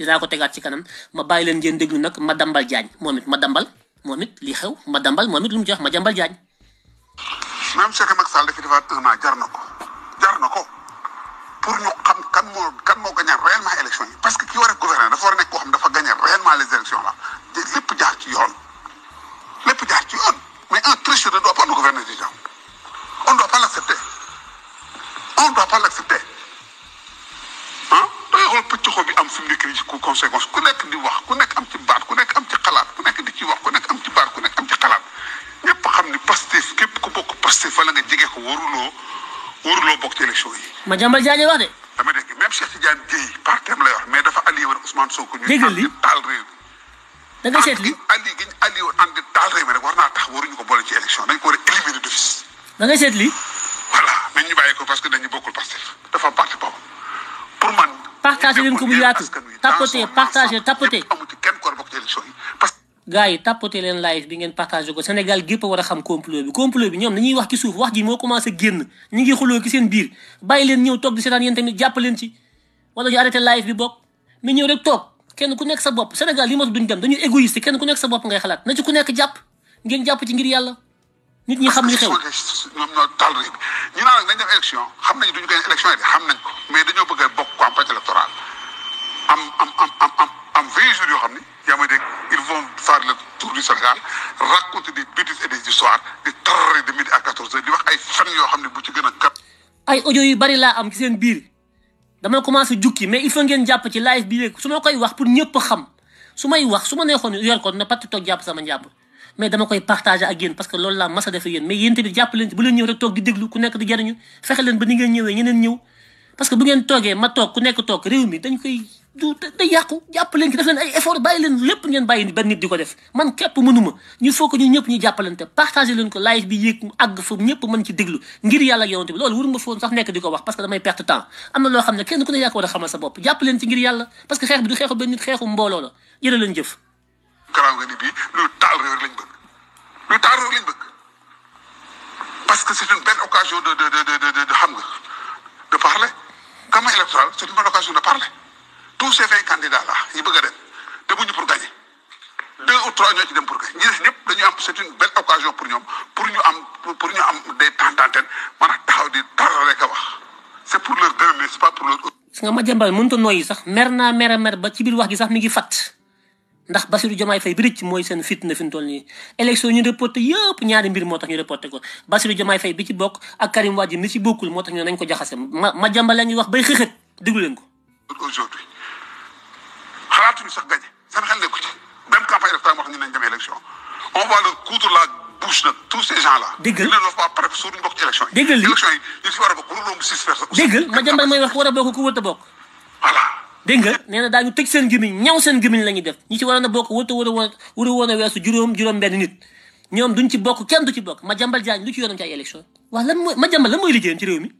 dina ko tegat ci kanam ma bay leen ngeen deglu nak ma dambal jaañ momit ma dambal momit li xew ma dambal momit lu mu jox ma jambal jaañ mam Cheikh Macky Sall dafa defaat un an jar nako jar nako pour ñu xam kan mo kan mo gagné réellement élection yi parce que ki wara gouverner dafa wara nek ko xam dafa gagné réellement les élections là de lépp jaar ci yoon lepp jaar ci yoon mais un tricheur ne doit pas nous gouverner déjà on doit pas l'accepter on doit pas l'accepter ko bi am fi mu nekk nii ci conséquence ku nekk di wax ku nekk am ci baat ku nekk am ci xalaat ku nekk di ci wax ku nekk am ci baat ku nekk am ci xalaat ñëpp xam ni pastef képp ku bokk fa la nga jege ko waruloo waruloo bokk ci élection yi. ma jambal jaaje wax de. dama dégg même Cheikh Tidiane par terme lay wax mais dafa allié woon Ousmane Sonko. dégg li tal taal réew da nga seetlu allié gi ñu allié woon ànd taal réew mi rek war naa tax waruñu ko bolé ci élection dañ ko war a éliminer fils da nga seetlu. voilà nañ ñu bàyyi ko parce que dañu bokkul pastef dafa parti boobu pour man partagé leen ko bu yaatu tapoté partagé tapoté gars yi tapoté leen live bi ngeen partagé ko Sénégal gépp a war a xam complot bi complot bi ñoom dañuy wax ci suuf wax ji moo commencé génn ñi ngi xuloo ci seen biir bàyyi leen ñëw toog di seetaan yéen tamit jàpp leen ci wala ñu arrêté live bi bokk mais ñëw rek toog kenn ku nekk sa bopp Sénégal li matu duñ dem dañuy égoïste kenn ku nekk sa bopp ngay xalaat na ci ku nekk jàpp ngeen jàpp ci ngir yàlla yo xamni ni dek ils vont faire le tour du Sénégal raconter des bêtises et des histoires de tarare de midi à 14 heures di wax ay fan yo xamni bu ci gëna kat ay audio yu bari la am ci seen biir dama commencé jukki mais il faut ngeen japp ci live bi rek suma koy wax pour ñepp xam suma may wax suma neexone yor ko na patti tok japp sama japp mais dama koy partager ak yeen parce que loolu la massa def yeen mais yeen tamit japp leen bu leen ñew rek tok di deglu ku nekk di jarignu fexel leen ba ni ngeen ñewé ñeneen ñew parce que bu ngeen togué ma tok ku nekk tok réew mi dañ koy du te yàqu jàppaleen ci def leen ay effort bàyyi leen lépp ngeen bàyyi benn nit di def man je mënuma ñu faut que ñu ñëpp ñu jàppalante partagé leen ko live bi je mu àgg fa ñëpp ci déglu ngir yàlla ak je bi loolu wur nga sax nekk di wax parce que damay perte temps am na loo kenn ku ne yaa ko war xamal sa bopp jàppaleen ci ngir yàlla parce que je bi du xeexu benn nit xeexu mbooloo la jërë leen jëf garaaw nga ni bii lu taal lañ bëgg lu taal lañ bëgg parce que c'est une belle occasion de de de de de xam nga de parler Comme electoral c'est une bonne occasion de parler tous ces vingt candidats là ils veulent gagner dem demuñu pour gagner deux ou trois ñoo ci dem pour gagner ñi des ñëpp dañu am c'est une belle occasion pour ñoom pour ñu am pour ñu am des temps d'antenne maanaam taxaw di dara rek a wax c'est pour leur donner c'est pas pour leur gis nga ma jëmbal mënta noyyi sax mer na mer mer ba ci biir wax gi sax mi ngi fat ndax basiru jomay fay bi ricc mooy seen fitna fin tolni election ñu reporté yépp ñaari mbir motax ñu reporté ko basiru jomay fay bi ci bok ak karim wadji ni ci bokul motax ñu nañ ko jaxasse ma ma ngi wax bay xexet déglu ko aujourd'hui xalaatuñu sax gañe seen xel nekku ci même campagne électorale moo xam ne nañ dem la bouche nag tous ces bokk yi. dégg élection yi ñu si a bokk a bokk ku wër bokk. voilà. dégg na daañu tëj seen gémmiñ ñaw seen gémmiñ la ñuy def ñi ci waroon a bokk wër te wër a woon a weesu juróom juróom-benn nit ñoom duñ ci bokk kenn du ci bokk ma jàmbal jaañ lu ci yoonam ci ay élection waaw lan mooy ma jàmbal mooy liggéeyam ci réew mi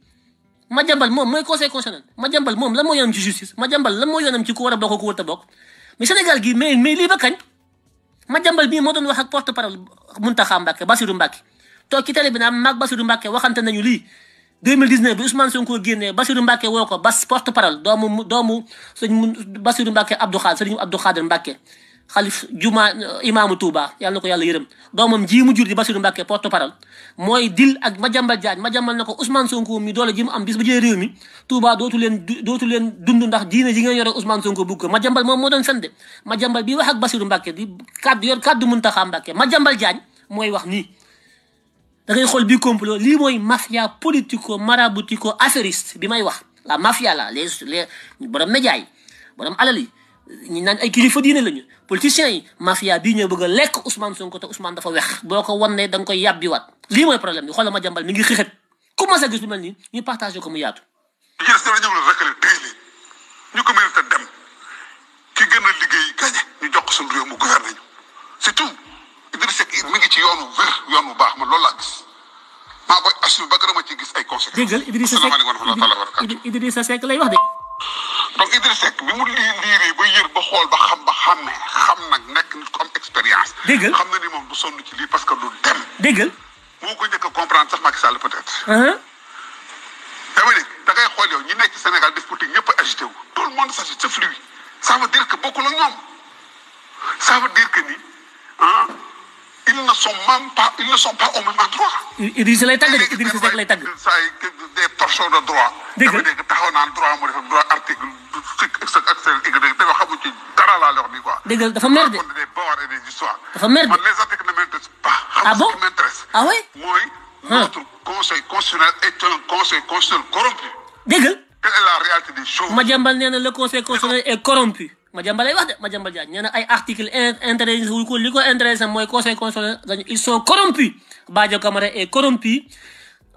ma jambal moom mooy conseil constitutionnel ma jambal moom lan moo yoonam ci justice ma jambal lan moo yoonam ci ku war a bokk ku war a bokk mais Sénégal gii mais mais lii ba kañ ma jambal bii moo doon wax ak porte parole Mountakha Mbacké Bassirou Mbacké toog ci télé bi naan maag Bassirou Mbacké waxante ñu lii 2019 bi Ousmane Sonko génnee Bassirou Mbacké woo ko bas porte parole doomu doomu sëñ Bassirou Mbacké Abdou Khadre sëñ Abdou Khadre Mbacké xalif juma imaamu Touba yàlla na ko yàlla yërëm doomam ji mu jur di Bassirou Mbacké porte parole mooy dil ak Madiambal Diagne Madiambal na ko Ousmane Sonko mi doole ji mu am bis bu jëlee réew mi Touba dootu leen dootu leen dund ndax diine ji ngeen yore Ousmane Sonko bugg ko Madiambal moom moo doon sende Madiambal bi wax ak Bassirou Mbacké di kàddu yor kàddu Mountakha Mbacké Madiambal Diagne mooy wax nii da ngay xool bi complot lii mooy mafia politico maraboutico affairiste bi may wax la mafia la les les borom média yi borom alal yi ñi naan ay kilifa diine lañu politiciens yi mafia bii ñoo bëgg lekk Ousmane Sonko te Ousmane dafa wex boo ko wan ne koy yàbbiwaat lii mooy problème bi xoolal ma jàmbal ñu partagé ko mu yaatu. yéen sëñ bi ñu ngi rek ko mérite dem ko suñu réew mi ngi ci yoonu wér yoonu baax ma loolu gis. maa koy assuré ba a ma ci gis ay conséquences. dégg nga lay wax de. donc Idrissa Seck bi mu lii liiree ba ba xool ba xam ba xàmmee xam nag nekk nit ko am expérience. dégg xam na ni moom du sonn ci lii parce que du dem. dégg moo ko njëkk a comprendre sax Macky Sall peut-être. Uh-huh. dama ne da ngay xool yow ñi nekk ci Sénégal def politique ñëpp a agité wu. tout le monde s'agite sauf lui ça veut dire que bokkul ak ñoom ça veut dire que ni ah. ils ne sont même pas, ils ne sont pas au même endroit. de des de droit. Il droit droit article de. dafa les articles ne ah bon ah oui Moi, ah. notre conseil constitutionnel est un conseil constitutionnel corrompu. quelle est la réalité des choses. le conseil constitutionnel est corrompu. Madiambal lay wax de Madiambal Diagne nee na ay article eh, intéressé wu ko li ko intéressé mooy conseil constitutionnel ils sont corrompus Badio Camara est corrompu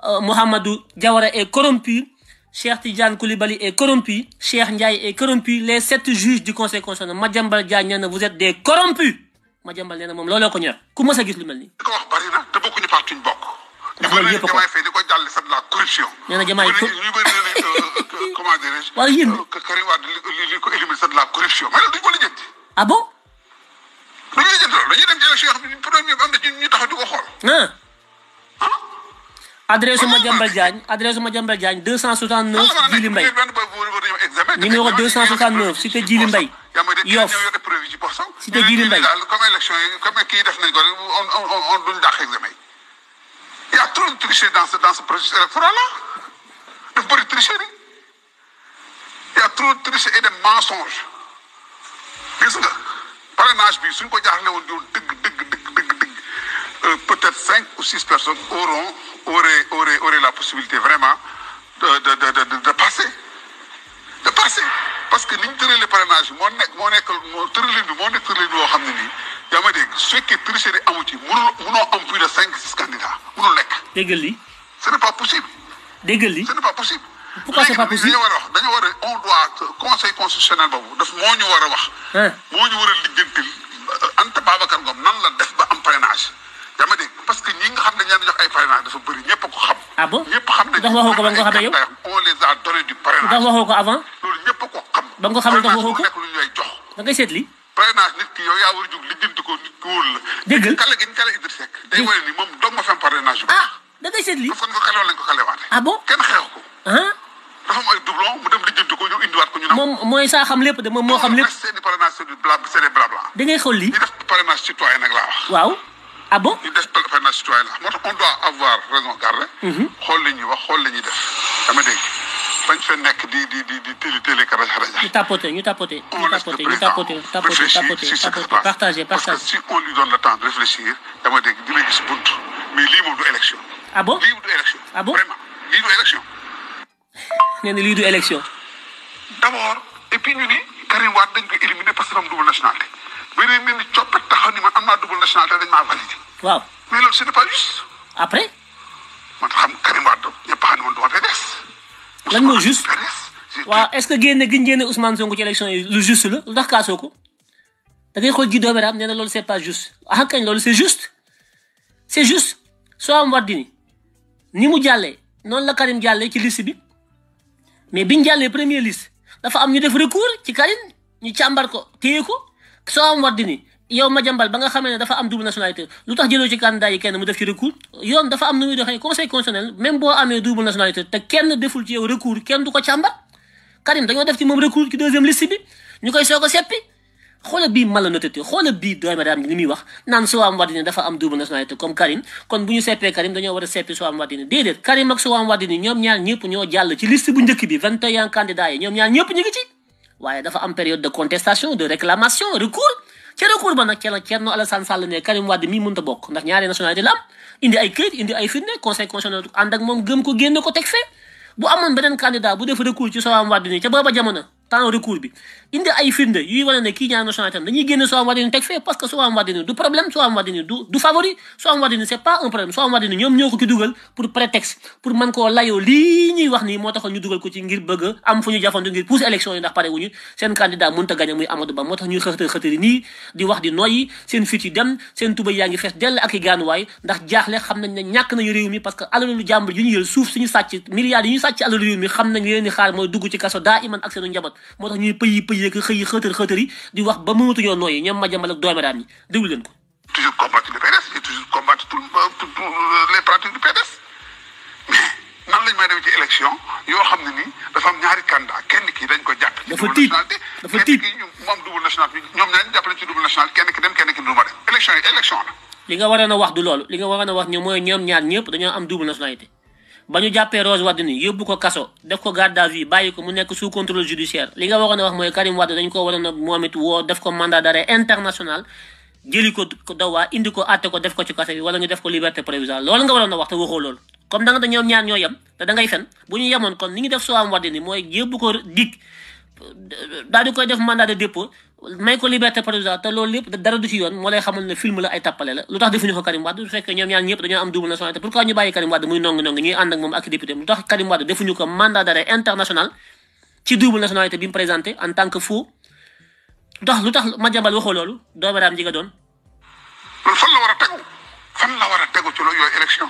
eh, Mohamedou Diawara est corrompu Cheikh Tidiane Koulibaly est corrompu Cheikh Ndiaye est corrompu les sept juges du conseil constitutionnel Madjambal Diagne vous êtes des corrompus Madjambal nee na moom looloo ko ñor ku mës gis lu ko wax bari na te ndax loolu yëpp a ko di ko jàll c'est de la corruption. nee na jamaay ko ñu bëri ne euh, comment dirais-je. waaw yéen Karim Wade li li ko éliminer c'est de la corruption mais duñ ko lijjanti. ah bon. duñ lijjanti loolu dañuy dem ci élection yoo xam ne problème am na ci ñu taxaw di ko xool. Ah. Ah. adresse Madiambal Diagne adresse Madiambal Diagne 269 Djily Mbaye numéro 269 cité Djily Mbaye Yoff cité Djily Mbaye comme élection yi comme kii def nañ ko on on on duñ dàq examen Il y a trop de tricheries dans ce, dans ce processus électoral-là. De beaucoup tricheries. Il y a trop de tricheries et de mensonges. gis nga parrainage bi suñ ko jaaxle woon diwoon dëgg dëgg dëgg dëgg dëgg euh, peut-être 5 ou 6 personnes auront auraient auraient auraient la possibilité vraiment de de de de de passer dépassé parce que ni ñu tëralee parrainage bi moo nekk moo nekk moo tëralin bi moo nekk tëralin boo dégg su fekkee tricherie amu ci mënul mënoo am plus de cinq six candidats mënul nekk. dégg li ce n'est pas possible. dégg li ce n'est pas possible. pourquoi c'est pas possible dañu war a wax dañu war a on doit conseil constitutionnel boobu daf moo ñu war a wax. Hein? moo ñu war a lijjantil euh, Anta Babacar Ngom nan la def ba am parrainage. dama dégg parce que ñi nga xam ne ñaan jox ay parrainage dafa bëri ñëpp ko xam. ah bon ñëpp xam nañu. ndax waxoo ko ba nga ko xamee yow on les a donné du parrainage. ndax waxoo ko avant. ba nga ko xamal tax waxoo ko nekk lu ñu lay jox da ngay seet li parrainage la ah, ah ah. ñu kenn xeex moom mooy saa xam lépp de moom moo xam lépp seeni xool li ñu def parrainage citoyen nag waaw ah mhm. xool li wax xool li def nous si on lui donne le temps de réfléchir va dire que bon. mais il a élection ah bon Libre élection ah vraiment élection d'abord et puis ni Karim Wade parce que une double nationalité mais il ni pas double nationalité il validé mais pas après Karim lan moo juste waaw est-ce que génne gi ñu génne Ousmane Sonko ci élection lu juste la lu tax kaasoo ko da xool ji doomu raam nee na loolu c'est pas juste a ah, kañ loolu c'est juste c'est juste soo am Wardini ni mu jàllee noonu la Karim jàllee ci liste bi mais biñ jàllee première liste dafa am ñu def recours ci Karim ñu càmbar ko téye ko soo am Wardini yow Madiambal ba nga xamee ne dafa am double nationalité lu tax jëloo ci candidat yi kenn mu def ci recours yoon dafa am nu muy doxee conseil constitutionnel même boo amee double nationalité te kenn deful ci yow recours kenn du ko càmbar Karim dañoo def ci moom recours ci deuxième liste bi ñu koy soog a seppi xoola bii malhonnêteté xoola bii doy ma daam ni muy wax naan Soham Wardini dafa am double nationalité comme Karim kon bu ñu seppee Karim dañoo war a seppi Soham Wardini déedéet Karim ak Soham Wardini ñoom ñaar ñëpp ñoo jàll ci liste bu njëkk bi 21 candidats yi ñoom ñaar ñëpp ñu ngi ci waaye dafa am période de contestation de réclamation recours ca recours ba nag ca la Thierno Alassane Sall ne Karim Wade mii mënut a bokk ndax ñaari nationalité la am indi ay këyit indi ay firnde conseil constitutionnel ànd ak moom gëm ko génne ko teg fee bu amoon beneen candidat bu def recours ci Soham Wardini ca booba jamono temps recours bi indi ay firnde yuy wane ne kii ñaan nationalité am dañuy génn soo am wadini teg fee parce que soo am wadini du problème soo am wadini du du favori soo am wadini c'est pas un problème soo am wadini ñoom ñoo ko ci dugal pour prétexte pour man koo layoo lii ñuy wax nii moo taxoon ñu dugal ko ci ngir bëgg am fu ñu jafandu ngir pousse élection yi ndax pare wuñu seen candidat mën ta gagné muy Amadou Ba moo tax ñuy xëxtër xëtëri nii di wax di noyyi seen fit yi dem seen tuba yaa ngi fees dell ak i gaanuwaay ndax jaaxle xam nañ ne ñàkk nañu réew mi parce que alalu jàmbur yu ñu yël suuf suñu sàcc milliards yi ñu sàcc alalu réew mi xam nañ leen ni xaar mooy dugg ci kaso daa iman ak seenu njaboot moo tax ñuy pëyi pëyi ak xëy xëtër xëtër yi di wax ba mënatuñoo nooyi ñoom ma jambal ak doome daan ñi déglu leen ko. toujours combattre le PDS et toujours combattre tout euh, euh, les pratiques du PDS mais nan yoo xam ne nii dafa am ñaari candidat kenn ki dañ ko jàpp. dafa tiit dafa tiit kenn ki ñu moom double nationalité ñoom ñaar ñu jàppale ci double li nga a wax du loolu li nga waroon a wax ñoom mooy ñoom ñaar dañoo am double nationalité ba ñu jàppee Rose Wardini yóbbu ko kaso def ko garde à vue bàyyi ko mu nekk sous contrôle judiciaire li nga waroon a wax mooy Karim Wade dañ ko waroon a moom it woo def ko mandat d'arrêt international jëli ko dawaa indi ko àtte ko def ko ci kaso bi wala ñu def ko liberté provisoire loolu nga waroon a wax te waxoo loolu comme da nga ñoom ñaar ñoo yem te da ngay fen bu ñu yemoon kon ni ñu def soo am Wardini mooy yóbbu ko dig daal di koy def mandat de dépôt may ko liberté provisoire te loolu lépp dara du ci yoon moo lay xamul ne film la ay tappale la lu tax defuñu ko Karim Wade bu fekkee ñoom ñaar ñëpp dañoo am double nationalité pourquoi ñu bàyyi Karim Wade muy nongi-nongi ñuy ànd ak moom ak député lu tax Karim Wade defuñu ko mandat d'arrêt international ci double nationalité bi mu présenté en tant que faux lu tax lu tax Madiambal waxoo loolu doomeraam ji nga doon. loolu fan la war a tegu fan a tegu ci loolu yooyu élection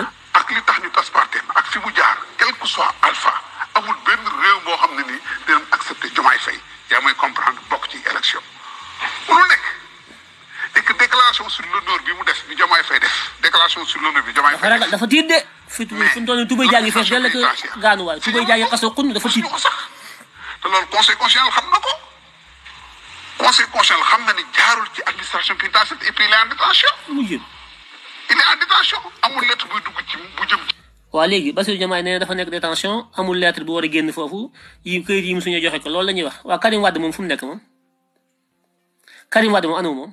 amul ak li tax ñu tas partem ak fi mu jaar quel que soit alpha amul benn réew moo xam ne ni dinañ accepter jomaay fay yaa may comprendre bokk ci élection mënul nekk et que déclaration sur l'honneur bi mu def bi jomaay fay def déclaration sur l'honneur bi jomaay fay dafa tiit de fess del ak way xasso kun dafa tiit te conseil xam ko conseil constitutionnel xam na ni jaarul ci administration pénitentiaire et puis mu jëm waaw léegi Bassirou Diomaye nee na dafa nekk détention amul lettre bu war a génn foofu yi këyit yi mu suñu joxe ko loolu la ñuy wax waaw Karim Wade moom fu mu nekk moom Karim Wade moom anamu moom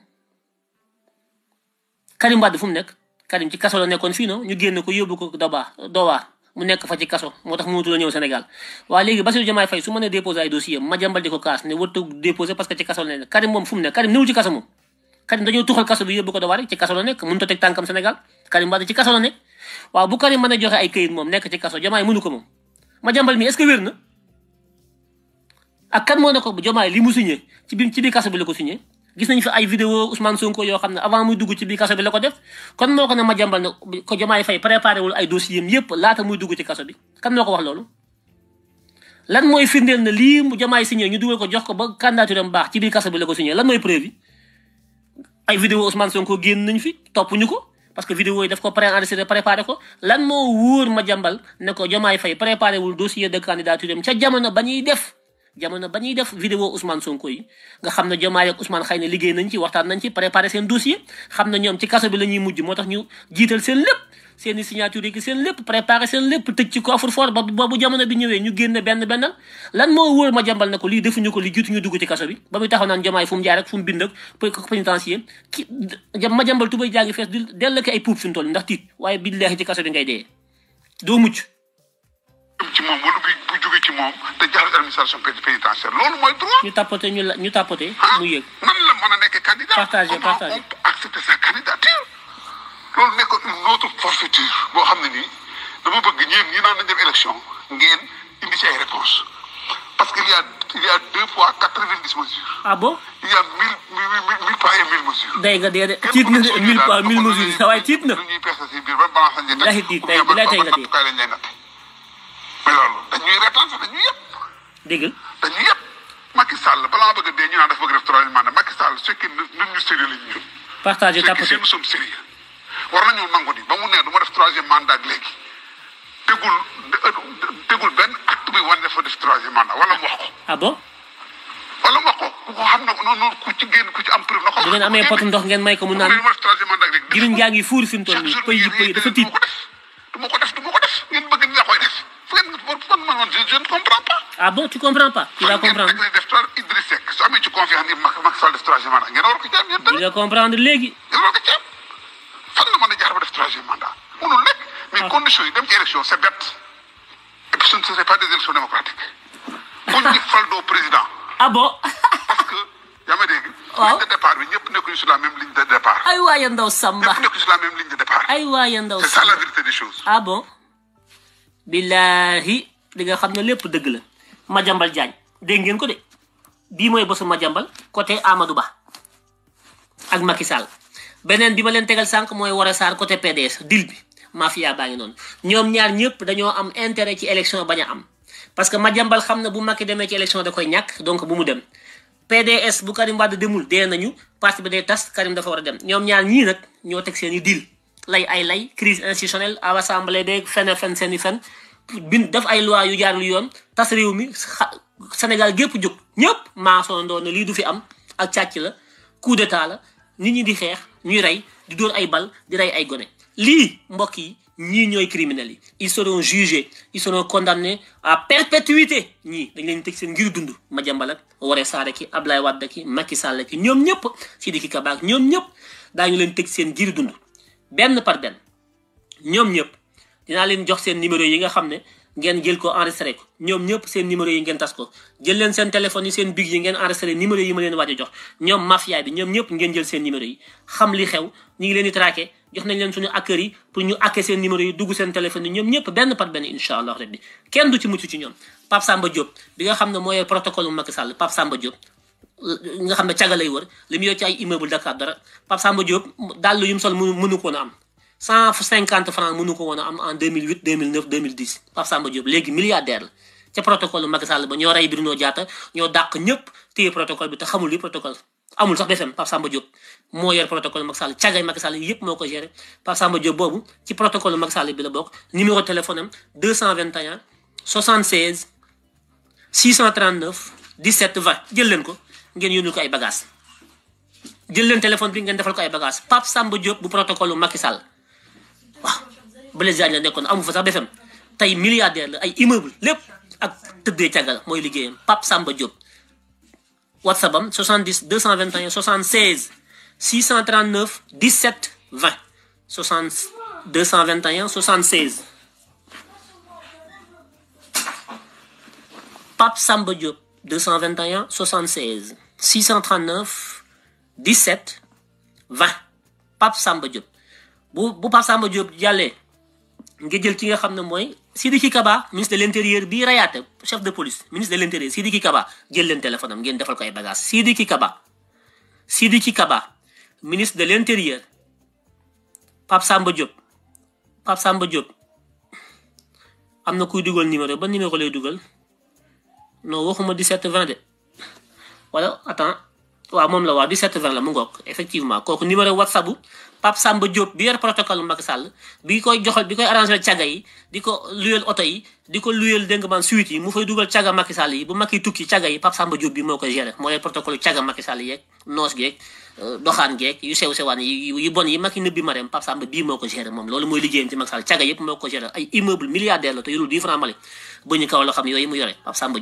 Karim Wade fu mu nekk Karim ci kaso la nekkoon fii no ñu génn ko yóbbu ko Doba Dowa mu nekk fa ci kaso moo tax mënatul a ñëw Sénégal waaw léegi Bassirou Diomaye Faye su ma nee déposé ay dossier ma jàmbal di ko kaas ne warut déposé parce que ci kaso la Karim moom fu mu nekk Karim ci kaso moom kadi dañu tuxal kasso bi yobbu ko dawaare ci kasso la nek muñ to tek tankam senegal karim wade ci kasso la nek wa bu karim mën joxe ay këyit mom nek ci kasso jamaay muñu ko mom ma jambal mi est ce que ak kan mo nako ko jamaay li mu signé ci bim ci bi kasso bi lako ko signé gis nañ fi ay vidéo Ousmane Sonko yo xam avant muy dugg ci bi kasso bi lako def kon moko ko ne ma jambal ne ko jamaay fay préparer wul ay dossier yépp lata muy dugg ci kasso bi kan moo wax lolu lan moy firndeel ne li mu jamaay signé ñu duggal ko jox ko ba candidature am baax ci bi kasso bi lako signé lan moy preuve ay vidéo Ousmane Sonko génn nañ fi toppuñu ko parce que vidéo yi daf ko pré-enregistré préparé ko lan moo wóor ma jàmbal ne ko Diomaye Faye préparé wul dossier de candidature am ca jamono ba ñuy def jamono ba ñuy def vidéo Ousmane Sonko yi nga xam ne Diomaye ak Ousmane xëy na liggéey nañ ci waxtaan nañ ci préparé seen dossier xam na ñoom ci kaso bi la mujj moo tax ñu jiital seen lépp seen i signature yi seen lépp préparé seen lépp tëj ci coffre fort ba bu jamono bi ñëwee ñu génne benn benn lan moo wóor ma jàmbal ne ko lii defuñu ko li jiitu ñu dugg ci kaso bi ba muy taxaw naan jamaay fu mu jaar rek fu mu bind ak pénitencier ki ma jàmbal tubay jaa dell ak ay puub fi mu toll ndax waaye billaahi ci kaso bi ngay dee doo mucc. ñu tapoté ñu la ñu tapoté. Ah, mu yëg nan la loolu nekkoon notre forfaiture boo xam ne nii dama bëgg ñeen ñi naan nañ dem élection ngeen indi ci ay réponses parce que il y a il y a deux fois quatre-vingt-dix mesures. ah bon il y a mille mille mille pas et mille mesures. day nga dee de tiit na de mille pas mille mesures sa waay tiit na. ñuy peese si biir ba balance lañ lay teg tey bi lay tey nga tey. mais loolu dañuy reetaan sax dañuy yëpp. dégg nga dañuy yëpp. Macky Sall balaa bëgg a dee ñu naan dafa bëgg def troisième mandat Macky Sall su fekkee ñun ñu sérieux lañ ñu. partagé tapé su fekkee nous sommes sérieux war nangu ni ba mu ne def troisième mandat tegul tegul ben acte bi wan fa def troisième mandat wala wax ko. ah bon. wala wax ko ko xam ko noonu ku ci génn ku ci am preuve na ngeen amee potu ndox ngeen may ko mu naan giriñ jaa fuur fi mu toll nii dafa tiit. du ko def du ko def ngeen bëgg ni koy def fu ngeen man man je ne comprends pas. ah bon tu comprends pas. tu vas comprendre def Idriss def troisième mandat ngeen war ko comprendre ngeen war ko troisième mandat mënul nekk. mais ah. conditions yi dem ci élection c' est bête. et puis ce ne serait pas des élections démocratiques. buñ ñu fal doo président. ah bon. parce que yaa ma dégg. waaw ligne de départ bi ñëpp nekkuñu sur la même ligne de départ. ay waay ndaw Samba ñëpp nekkuñu sur la même ligne de départ. ay waay ndaw Samba c' est ça la vérité des choses. ah bon. billahi di nga xam ne lépp dëgg la. Madiambal Diagne dégg ngeen ko de bii mooy bosu Madiambal côté Amadou Ba ak Macky Sall. benen bima len tegal sank moy wara sar côté PDS dil bi mafia baa ngi noonu ñoom ñaar ñepp dañoo am intérêt ci élection baña am parce que Madiambal xam na bu makki démé ci élection da koy ñak donc bu mu dem PDS bu Karim wad demul dé nañu parti bi day tas Karim da fa wara dem ñom ñaar ñi nak ñoo tek seen dil lay ay lay crise institutionnelle à l'assemblée dé fenn fenn seen i fenn bin def ay loi yu lu yoon tas réew mi Sénégal juk ñepp ma son do na li du fi am ak càcc la coup d'état la nit ñi di xex ñuy rey di door ay bal di rey ay gone lii mbokk yi ñii ñooy criminels yi ils seront jugés ils seront condamnés à perpétuité ñii dañ leen tëj seen ngir dund Madiambal ak Woré Sarr ki ablaye Wade ki Macky Sall ki ñoom ñëpp Sidiki kabaak ak ñoom ñëpp daañu leen tëj seen ngir dund benn par benn ñoom ñëpp dinaa leen jox seen numéro yi nga xam ne ngeen jël ko enregistré ko ñoom ñëpp seen numéro yi ngeen tas jël leen seen téléphone yi seen big yi ngeen enregistré numéro yi ma leen waaj a jox ñoom mafia bi ñoom ñëpp ngeen jël seen numéro yi xam li xew ñu leen di traqué jox nañ leen suñu hackers yi pour ñu hacké seen numéro yi dugg seen téléphone yi ñoom ñëpp benn par benn incha allah rabbi kenn du ci mucc ci ñoom Pape Samba Diop bi nga xam ne mooy protocole Macky Sall Pape Samba Diop nga xam ne caga lay wër mu yor ci ay immeuble Dakar mënu ko am 150 francs mënu ko wona am en 2008 2009 2010 Pape Samba Diop légui milliardaire la ca protocole Macky Sall ba ñoo ray Bruno Diatta ñoo dàq ñëpp téye protocole bi te xamul li protocole amul sax BFM Pape Samba Diop mo yor protocole Macky Sall ciagay Macky Sall yëpp moko ko géré Pape Samba Diop bobu ci protocole Macky Sall bi la bok numéro téléphone am 221 76 639 17 20 jël leen ko ngeen yónnul ko ay bagage jël leen téléphone bi ngeen defal ko ay bagage Pape Samba Diop bu protocole Macky Sall waaw Blaise Diagne la nekkoon amu fa sax BFM tey milliardaire la ay immeuble lépp ak tëddee càgga la mooy liggéeyam Pape Samba Diop WhatsApp am 70 221 76 639 17 20 60 221 76 Pape Samba Diop 221 76 639 17 20 Pape Samba Diop bu bu Pape Samba Diop jàllee nga jël ci nga xam ne mooy Sidiki Kaba ministre de l' intérieur bii rayaate chef de police ministre de l' intérieur Sidiki Kaba jël leen téléphone am ngeen defal ko ay bagages Sidiki Kaba ci Kaba ministre de l' intérieur Pape Samba Diop Pape Samba am na kuy dugal numéro ba numéro lay dugal non waxuma 17 20 de wala attends waa moom la waaw 17 20 la mu ngoog effectivement kooku numéro whatsapp Pape Samba Diop bi yor protocole Macky Sall bi koy joxal bi koy arrangé caga yi di ko luyal oto yi di ko luyal dégg nga man suite yi mu fay dugal caga Macky Sall yi bu Macky tukki caga yi Pape Samba Diop bi moo koy moo yor protocole caga euh, sew sewaan yi yu bon yi Macky nëbbi mareem Pape bii moo ko géré moom loolu mooy liggéeyam ci Macky Sall caga yëpp moo ko géré ay immeuble milliardaire la te yorul 10 francs Mali ba ñu kaw loo xam yooyu mu yore Pape Samba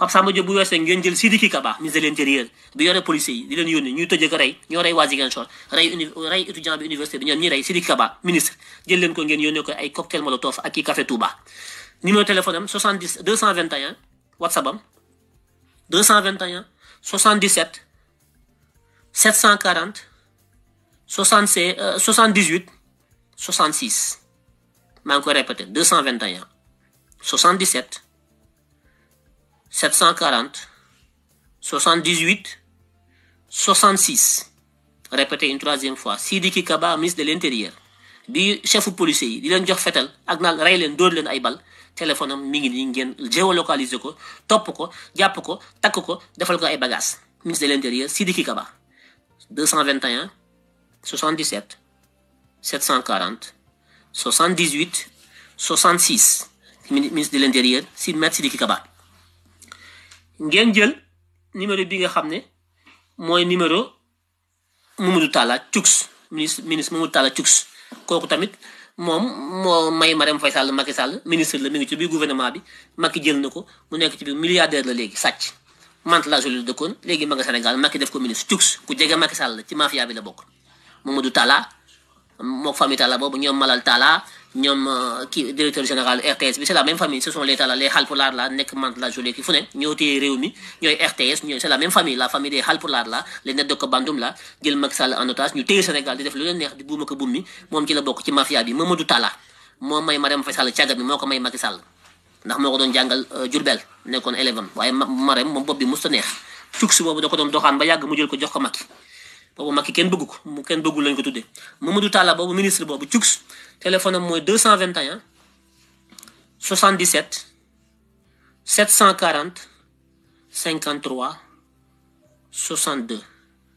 Pape Samba Diop bu weesoo ngeen jël Sidiki Kaba ministre de l'intérieur bi yore policier yi di leen yónni ñuy tëjee ko rey ñoo rey waa Ziguinchor rey uni rey étudiant bi université bi ñoom ñi rey Sidiki Kaba ministre jël leen ko ngeen yónnee ko ay cocktail molotov ak i café Touba. numéro téléphone am 70 221 WhatsApp am 221 77 740 76 78 66 maa ngi ko répété 221 77. 740, 78, 66. Répétez une troisième fois. Sidiki Kaba, ministre de l'Intérieur. bi chef de police, di leen jox fetal ak naan rey leen dóor ay bal téléphone am mi ngi nii géolocaliser ko ko ko ko defal ministre de l'intérieur Sidiki Kaba 221 77 740 78 66 ministre de l'intérieur Sidi Kikaba. Sidiki Kaba. ngeen jël numéro bi nga xam ne mooy numéro Mamadou Talla Cuks ministre ministre Mamadou Talla Cuks kooku tamit moom moo may Marème Faye Sall Macky Sall ministre la mi ngi ci biir gouvernement bi Macky jël na ko mu nekk ci biir milliardaire la léegi sàcc mant la jolie la léegi ma nga Sénégal Macky def ko ministre Cuks ku jege Macky Sall la ci mafia bi la bokk Mamadou Talla mook famille Talla boobu ñoom Malal Talla ñoom euh, ki directeur général RTS bi c'est la même famille ce sont les Talla les Halpulaar la nekk la Jolie ki fune ne ñoo téye réew mi ñooy RTS ñoy c'est la même famille la famille des Halpulaar la les ko Bandum la jël Macky Sall en otage ñu téye Sénégal di def lu leen neex di buum ko bummi mom moom ci la bok ci mafia bi Mamadou Tala moo may Marème Faye Sall bi moko may Macky Sall ndax moko don jangal jàngal euh, Diourbel nekkoon élève am waaye Marème moom bopp bi mos neex suuf bobu da ko don doxaan ba yag mu jël ko jox ko Macky bobu Macky kenn bëgg ko mu kenn bëggul lañ ko tuddé Mamadou Tala bobu ministre bobu cuks téléphone am mooy 221 cent 740 53 62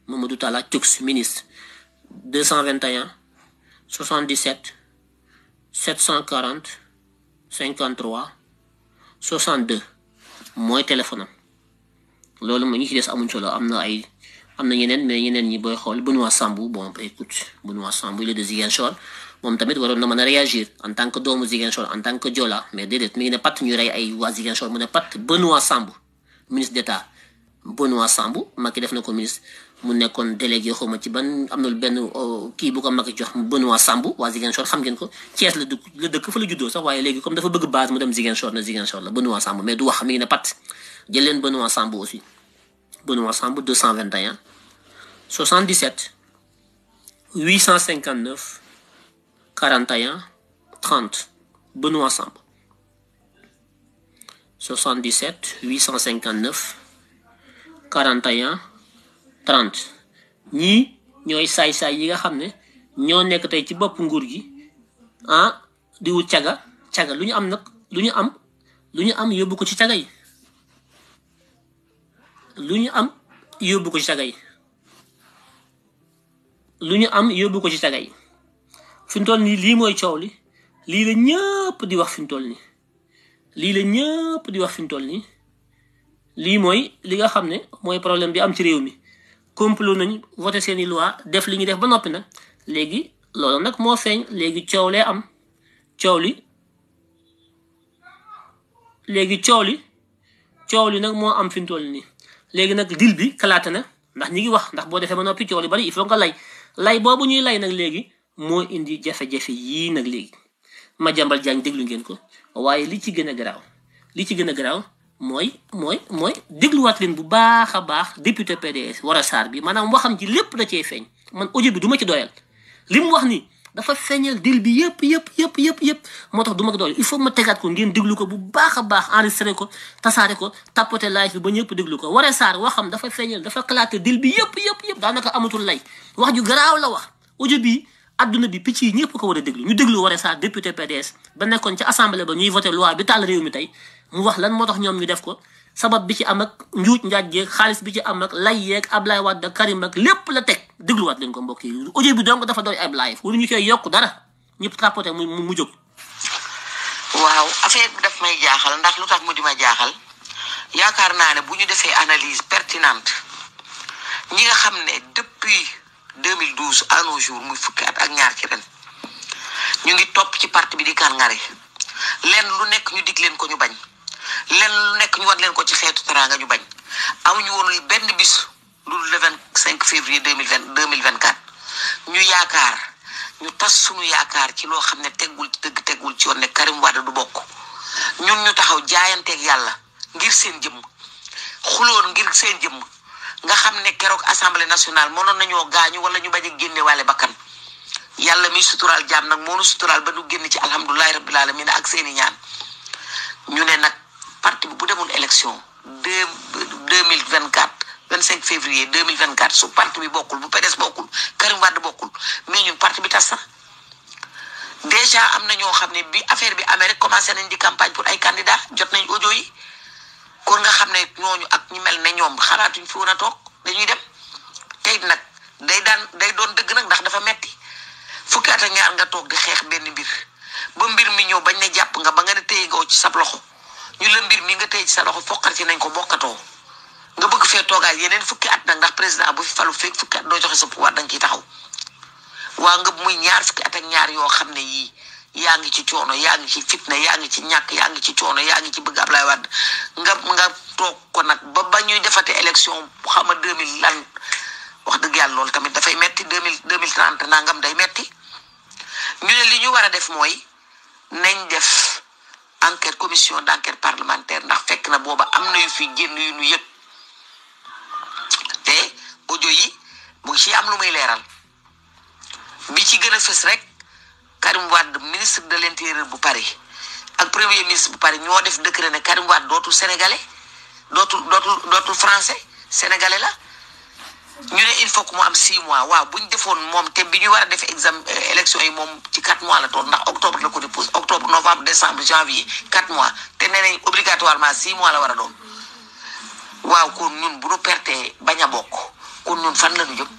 Mamadou Talla Tiox ministre 221 77 740 53 62 mooy téléphone am loolu mooy ñi ci des solo am na ay am na ñeneen mais ñeneen ñi booy xool Benoît Sambou bon écoute Benoît Sambou il est de moom tamit waroon na mën a réagir en tant que doomu Ziguinchor en tant que Joola mais déedéet mi ngi ne pat ñu rey ay waa Ziguinchor mu ne pat Benoît Sambou ministre d'État Benoît Sambou def na ko mu nekkoon délégué xaw ma ci ban am na benn euh, kii bu ko Macky jox Benoît Sambou waa Ziguinchor xam ngeen ko Thiès la dëkk la dëkk la juddoo sax waaye léegi comme dafa bëgg base mu dem Ziguinchor na Ziguinchor la Benoît Sambou mais du wax mi ngi ne pat jël leen Benoît Sambou aussi Benoît Sambou 221 77 859 41, 30. Benoît Samb. 77 859 41 30 Ni, ñooy saay-saay yi nga xam ne ñoo nekk tey ci bopp nguur gi ah di wut caga caga lu am nok, lu am lu am yóbbu ko ci yi lu am yóbbu ko ci yi lu am yóbbu ko ci yi fi mu toll nii lii mooy coow li lii la ñëpp di wax fi mu toll nii lii la ñëpp di wax fi mu toll nii lii mooy li nga xam ne mooy problème bi am ci réew mi complot nañ voté seeni loi def li ñuy def ba noppi nag léegi loolu nag moo feeñ léegi coow lee am coow li léegi coow li coow li nag moo am fi mu toll nii léegi nag dil bi kalaate na ndax ñi ngi wax ndax boo defee ba noppi coow li bari il faut nga lay lay boobu ñuy lay nag léegi moo indi jafe-jafe yii nag léegi ma Madiambal Diagne déglu ngeen ko waaye li ci gën a garaaw li ci gën a garaaw mooy mooy mooy dégluwaat leen bu baax a baax député PDS Woré Sarr bi maanaam waxam ji lépp da cee feeñ man audio bi ci doyal li mu wax ni dafa feeñal dil bi yëpp yëpp yëpp yëpp yëpp moo tax du ma ko doyal il ma tegaat ko ngeen déglu ko bu baax a baax enregistré ko tasaare ko tapoté live bi ba ñëpp déglu ko Woré Sarr waxam dafa feeñal dafa claté dil bi yëpp yëpp yëpp daanaka amatul lay wax ju garaaw la wax audio aduna bi picc ñepp ko wara deglu ñu deglu wara sa député PDS ba nekkon ci assemblée ba ñuy voter loi bi tal réew mi tay mu wax lan motax ñom ñu def ko sabab bi ci am ak njuuj njaaj geeg xaalis bi ci am ak lay ablay wad da Karim ak lepp la deglu wat leen ko mbokk yi oje bi donc dafa doy ab live wala ñu koy yok dara ñepp trapoté mu mu jog waaw affaire bi daf may jaaxal ndax lutax mu di ma jaaxal yaakaar naa ne bu ñu defee analyse pertinente ñi nga xam ne depuis. su à nos muy fukki at ak ñaar ci ren ñu ngi topp ci parti bi di kàngare lenn lu nekk ñu digg leen ko ñu bañ lenn lu nekk ñu wan leen ko ci xeetu teraanga ñu bañ amuñu woon benn bis lu le vingt cinq février deux mille vingt deux mille vingt quatre ñu yaakaar ñu tas suñu yaakaar ci loo xam ne teggul ci dëgg tegul ci yoon ne Karim Wade du bokk ñun ñu taxaw jaayanteeg yàlla ngir seen jëmm xuloon ngir seen jëmm nga xam ne keroog assemblée nationale mënoon nañoo gaañu wala ñu bañ génne waale bakkan yàlla mi suturaal jaam nag moonu suturaal ba nu génn ci alhamdulilahi rabbil alamin ak seeni ñaan ñu ne nag parti bi bu demul élection deux deux mille vingt quatre vingt cinq février deux mille vingt quatre su parti bi bokkul bu PDS bokkul Karim Wade bokkul mais ñu parti bi tas sax déjà am na ñoo xam ne bi affaire bi amee rek commencé nañ di campagne pour ay candidats jot nañ audio yi. kon nga xam ne ñooñu ak ñu mel ne ñoom xalaatuñ fi woon a toog dañuy dem tey nag day daan day doon dëgg nag ndax dafa metti fukki at ak ñaar nga toog di xeex benn mbir ba mbir mi ñëw bañ ne jàpp nga ba nga ne téye nga ci sab loxo ñu la mbir mi nga téye ci sa loxo foqar ci nañ ko bokkatoo nga bëgg fee toogaay yeneen fukki at nag ndax président bu fi falu fekk fukki at doo joxe sa pouvoir da nga ciy taxaw waa nga muy ñaar fukki at ak ñaar yoo xam ne yii yaa ngi ci coono yaa ngi ci fitna yaa ngi ci ñàkk yaa ngi ci coono yaa ngi ci bëgg Ablaye Wade nga nga toog ko nag ba ba ñuy defatee élection xam nga deux mille lan wax dëgg yàlla loolu tamit dafay metti deux mille deux mille trente nangam day metti ñu ne li ñu war a def mooy nañ def enquête commission d' enquête parlementaire ndax fekk na booba am na yu fi génn yu nu yëpp te audio yi mu ci am lu muy leeral bi ci gën a fës rek. Karim Wade ministre de l' intérieur bu Paris ak premier ministre bu Paris ñoo def décret ne Karim Wade dootul sénégalais dootul dootul dootul français sénégalais la ñu ne il faut que mu am six mois waaw bu ñu defoon moom te bi ñuy war a def exam euh, élection yi moom ci 4 mois la toog ndax octobre la ko dépose octobre novembre décembre janvier 4 mois te nee nañ obligatoirement 6 mois la war a doon waaw kon ñun bu ñu pertee bañ a bokk kon ñun fan la ñu jëm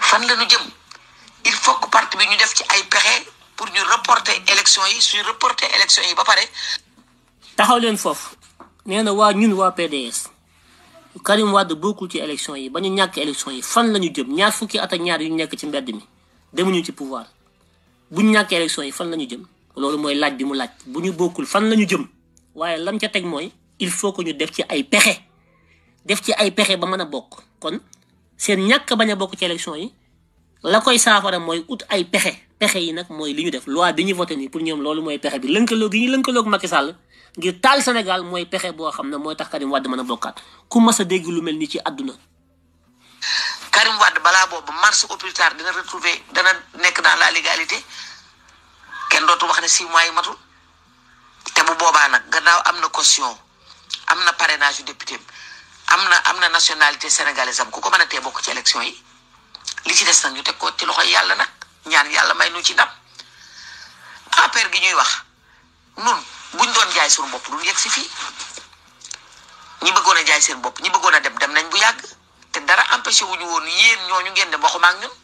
fan la ñu jëm. il faut que parti bi ñu def ci ay pexe pour ñu reporter élection yi suñu reporter élection yi ba paré taxaw leen fofu nee wa ñun wa PDS Karim Wade bokkul ci élection yi ba ñu ñàkk élection yi fan lañu jëm ñaar fukki ata ñaar yu nekk ci mbedd mi demu ñu ci pouvoir bu ñu ñàkk élection yi fan lañu jëm lolu moy laaj bi mu laaj bu ñu bokkul fan lañu jëm waye lam ca teg moy il faut que ñu def ci ay pexe def ci ay pexe ba mëna bok kon seen ñak baña bok ci élection yi. la koy saafara mooy ut ay pexe pexe yi nag mooy li ñu def loi bi ñu voté nii pour ñoom loolu mooy pexe bi lëkkaloo gi ñu lëkkaloog Macky Sall ngir taal Sénégal mooy pexe boo xam ne mooy tax Karim Wade mën a bokkaat ku mas a dégg lu mel nii ci àdduna. balaa boobu mars au plus tard dina retrouver dana nekk dans la légalité kenn dootu wax ne six mois yi matul te bu boobaa nag gannaaw am na costion am na parrainage yu député am na am na nationalité sénégalaise am ku ko mën a tee bokk ci élection yi. li ci des nag ñu teg ko ci loxo yàlla nag ñaan yàlla may nu ci ndam affaire gi ñuy wax nun buñ doon jaay suñu bopp duñ yegg si fii ñi bëggoon a jaay seen bopp ñi bëggoon a dem dem nañ bu yàgg te dara empêché wuñu woon yéen ñooñu ngeen dem waxuma ak ñun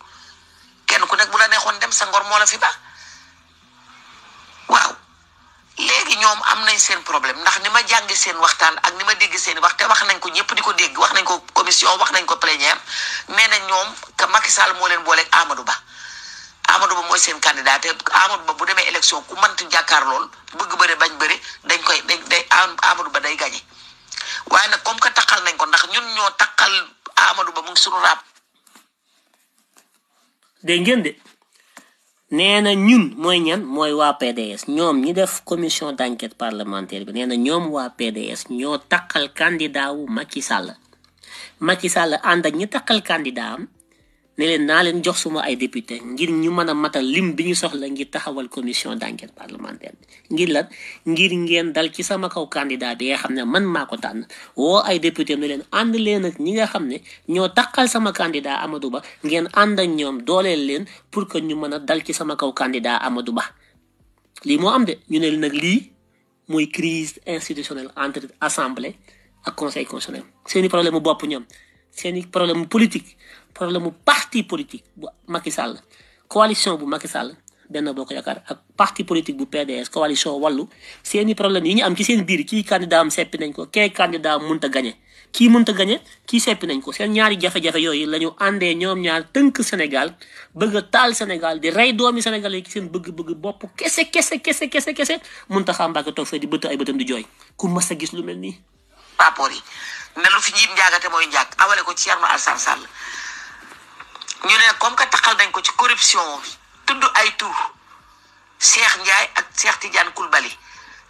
kenn ku nekk bu la neexoon dem sa ngor moo la fi ba léegi ñoom am nañ seen problème ndax ni ma jàngi seen waxtaan ak ni ma dégg seen wax te wax nañ ko ñëpp di ko dégg wax nañ ko commission wax nañ ko plénière nee na ñoom que Macky moo leen booleeg Amadou Ba Amadou Ba mooy seen candidat Ba bu demee élection ku mënti jàkkaar lool bëgg bëri bañ bëri dañ koy day day Amadou Ba day gagné waaye nag comme que taqal nañ ko ndax ñun ñoo taqal Amadou Ba mu ngi suñu raab. ngeen de. nee na ñun mooy ñan mooy waa PDS ñoom ñi def commission d'enquête parlementaire bi nee na ñoom waa PDS ñoo taqal candidat wu Macky Sall Macky Sall ànd ak ñi taqal candidat am ne leen naa leen jox suma ay député ngir ñu mën a matal lim bi ñu soxla ngir taxawal commission d' enquête parlementaire ngir lan ngir ngeen dal ci sama kaw candidat bi nga xam ne man maa ko tànn woo ay député ne leen ànd leen ak ñi nga xam ne ñoo sama candidat Amadou Ba ngeen ànd ak ñoom dooleel leen pour que ñu mën a dal ci sama kaw candidat Amadou Ba lii moo am de ñu ne nag lii mooy crise institutionnelle entre assemblée ak conseil constitutionnel politik. problème bopp ñoom problème politique problème parti politique bu Macky Sall coalition bu Macky Sall ben bokk yakar ak parti politique bu PDS coalition walu seeni problème yi ñi am ci seen biir ki candidat am seppi nañ ko ké candidat am gagner ki kii munta gagner ki seppi nañ ko seen ñaari jafe-jafe yoy la ñu àndee ñoom ñaar teunk Sénégal bëgg taal Sénégal di ray doomi Sénégal yi ci seen bëgg-bëgg bopp kese kese kese kese kese munta xam mbàkke toog fee di bëtt ay bëttam di joy ku ma sa gis lu melni papori nelu fi ñi ñagaté moy ñak awale ko ci ñu ne comme que taxal dañ ko ci corruption bi tudd ay tur Cheikh Ndiaye ak Cheikh Tidiane kulbali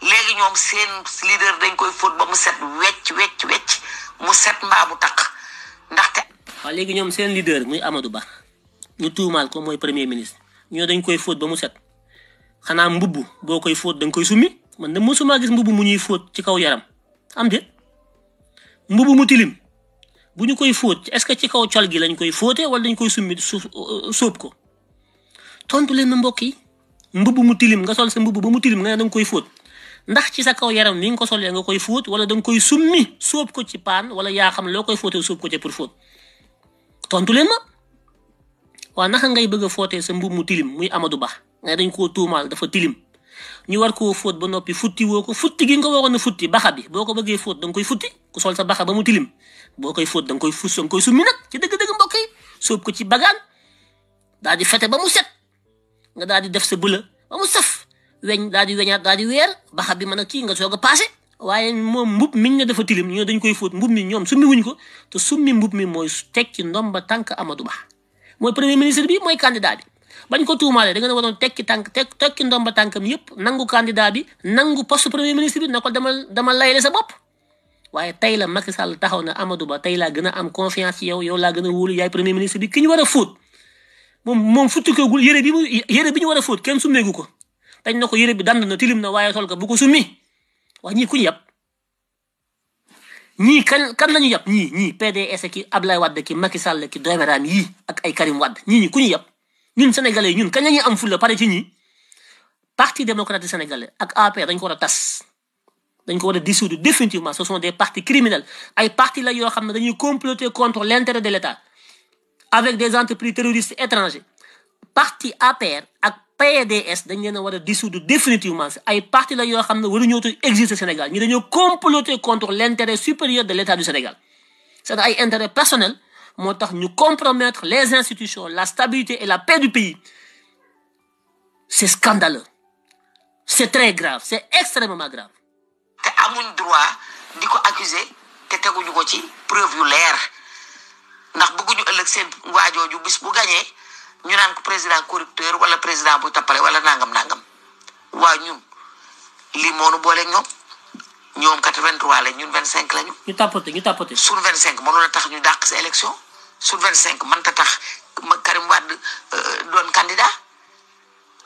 léegi ñoom seen leader dañ koy fóot ba mu set wecc wecc wecc mu set mbaa mu taq ndaxte. waa léegi ñoom seen leader muy Amadou Ba ñu tuumaal ko mooy premier ministre ñoo dañ koy fóot ba mu set xanaa mbubb boo koy fóot dañ koy summi man de mosuma gis mbubb mu ñuy fóot ci kaw yaram am déet mbubb mu tilim bu ñu koy fóot est-ce que ci kaw col gi lañ koy fóote wala dañ koy summi suuf euh, sóob ko tontu leen mbokk yi mbubb mu tilim nga sol sa mbubb ba mu tilim nga ne koy fóot ndax ci sa kaw yaram ni nga ko solee nga koy fóot wala da nga koy summi sóob ko ci paan wala yaa xam loo koy fóote sóob ko ci pour fóot tontu leen ma waa naka ngay bëgg a fóotee sa mbubb mu tilim muy Amadou Ba nga dañ koo tuumaal dafa tilim ñu war koo fóot ba noppi futti woo ko futti gi nga ko waroon a futti baxa bi boo ko bëggee fóot danga nga koy futti ku sol sa baxa ba mu tilim bokay foot dang koy fus dang koy summi nak ci deug deug mbokk yi ko ci bagan daal di fete eh, ba mu set nga daal di def sa bëla ba mu saf weñ dadi di weñaat daal di weer baxa bi nga soga passé eh. waye mom mbub miñ na dafa tilim ñoo dañ koy foot mbub mi ñom summi wuñ ko te summi mbub mi mooy tekki ndomba tank Amadou Ba moy premier ministre bi moy candidat bi bañ ko tuumalé da nga ne waroon tekki tek tekki ndomba tankam yépp nangu candidat bi nangu poste premier ministre bi nako demal dama layé sa bop waaye tey la Macky Sall taxaw na Amadou Ba tey laa gën a am confiance ci yow yow laa gën a wóolu yaay premier ministre bi ki ñu war a fóot moom moom futteekagul yére bi mu yére bi ñu war a fóot kenn summeegu ko dañ na ko yére bi dand na tilim na waaye sol ko bu ko summi wax ñii ku ñii kan kan la ñu yab ñii ñii PDS ki Ablaye Wade ki Macky Sall ki doomeraam yii ak ay Karim Wade ñii ñii ku ñu yab ñun sénégalais ñun kañ la am fulla pare ci ñii parti démocratique sénégalais ak APR dañ ko war a tas. dañ ko war définitivement ce sont des partis criminels ay partis la yoo xam ne dañuy comploter contre l'intérêt de l'État, avec des entreprises terroristes étrangers parti APR ak PDS dañ leen a war a dissoudre définitivement ay partis la yoo xam ne waruñoo exister Sénégal ñi dañoo comploter contre l'intérêt supérieur de l'État du Sénégal c'est ay intérêt personnel moo tax ñu compromettre les institutions la stabilité et la paix du pays c'est scandaleux c'est très grave c'est extrêmement grave te amuñ droit diko accuser te teguñu ko ci preuve yu leer ndax bëgguñu ëlëk seen waajooju bis bu gagné ñu naan ko président corrupteur wala président bu tappale wala nangam nangam waa ñun lii moonu boole ñoom ñoom 83 lañ ñun 25 lañu. ñu tapoté ñu tapoté suñ 25 mënula tax ñu dàq sa élection suñ 25 mën ta tax ma Karim Wade euh, doon candidat.